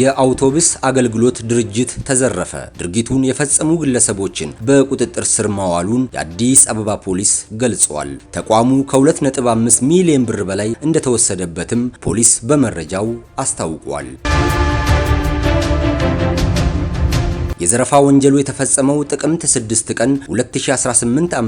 የአውቶቡስ አገልግሎት ድርጅት ተዘረፈ። ድርጊቱን የፈጸሙ ግለሰቦችን በቁጥጥር ስር ማዋሉን የአዲስ አበባ ፖሊስ ገልጿል። ተቋሙ ከ2.5 ሚሊዮን ብር በላይ እንደተወሰደበትም ፖሊስ በመረጃው አስታውቋል። የዘረፋ ወንጀሉ የተፈጸመው ጥቅምት 6 ቀን 2018 ዓ.ም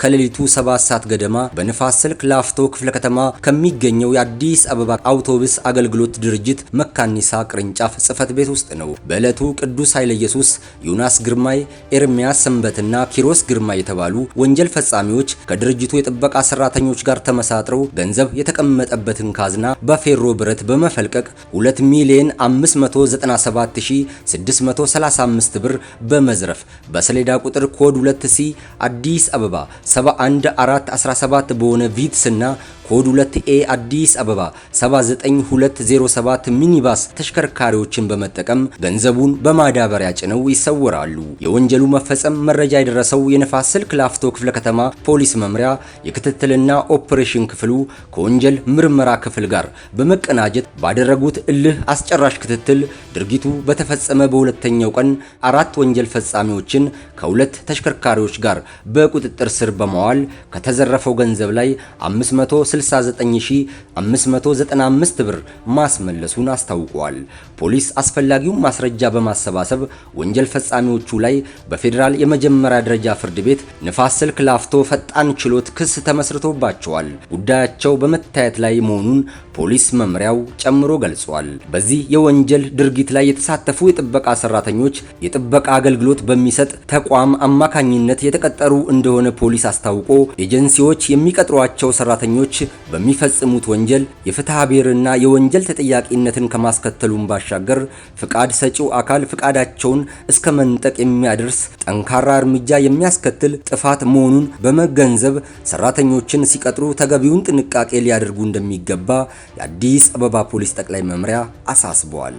ከሌሊቱ 7 ሰዓት ገደማ በንፋስ ስልክ ላፍቶ ክፍለ ከተማ ከሚገኘው የአዲስ አበባ አውቶቡስ አገልግሎት ድርጅት መካኒሳ ቅርንጫፍ ጽህፈት ቤት ውስጥ ነው። በዕለቱ ቅዱስ ኃይለ ኢየሱስ፣ ዮናስ ግርማይ፣ ኤርሚያስ ሰንበትና ኪሮስ ግርማይ የተባሉ ወንጀል ፈጻሚዎች ከድርጅቱ የጥበቃ ሰራተኞች ጋር ተመሳጥረው ገንዘብ የተቀመጠበትን ካዝና በፌሮ ብረት በመፈልቀቅ 2 ሚሊዮን 597635 15 ብር በመዝረፍ በሰሌዳ ቁጥር ኮድ 2 ሲ አዲስ አበባ 71417 በሆነ ቪትስ እና ኮድ 2 ኤ አዲስ አበባ 79207 ሚኒባስ ተሽከርካሪዎችን በመጠቀም ገንዘቡን በማዳበሪያ ጭነው ይሰወራሉ። የወንጀሉ መፈጸም መረጃ የደረሰው የነፋስ ስልክ ላፍቶ ክፍለ ከተማ ፖሊስ መምሪያ የክትትልና ኦፕሬሽን ክፍሉ ከወንጀል ምርመራ ክፍል ጋር በመቀናጀት ባደረጉት እልህ አስጨራሽ ክትትል ድርጊቱ በተፈጸመ በሁለተኛው ቀን አራት ወንጀል ፈጻሚዎችን ከሁለት ተሽከርካሪዎች ጋር በቁጥጥር ስር በመዋል ከተዘረፈው ገንዘብ ላይ 569595 ብር ማስመለሱን አስታውቋል። ፖሊስ አስፈላጊውን ማስረጃ በማሰባሰብ ወንጀል ፈጻሚዎቹ ላይ በፌዴራል የመጀመሪያ ደረጃ ፍርድ ቤት ንፋስ ስልክ ላፍቶ ፈጣን ችሎት ክስ ተመስርቶባቸዋል። ጉዳያቸው በመታየት ላይ መሆኑን ፖሊስ መምሪያው ጨምሮ ገልጿል። በዚህ የወንጀል ድርጊት ላይ የተሳተፉ የጥበቃ ሰራተኞች የጥበቃ አገልግሎት በሚሰጥ ተቋም አማካኝነት የተቀጠሩ እንደሆነ ፖሊስ አስታውቆ ኤጀንሲዎች የሚቀጥሯቸው ሰራተኞች በሚፈጽሙት ወንጀል የፍትሐ ብሔርና የወንጀል ተጠያቂነትን ከማስከተሉም ባሻገር ፍቃድ ሰጪው አካል ፍቃዳቸውን እስከ መንጠቅ የሚያደርስ ጠንካራ እርምጃ የሚያስከትል ጥፋት መሆኑን በመገንዘብ ሰራተኞችን ሲቀጥሩ ተገቢውን ጥንቃቄ ሊያደርጉ እንደሚገባ የአዲስ አበባ ፖሊስ ጠቅላይ መምሪያ አሳስበዋል።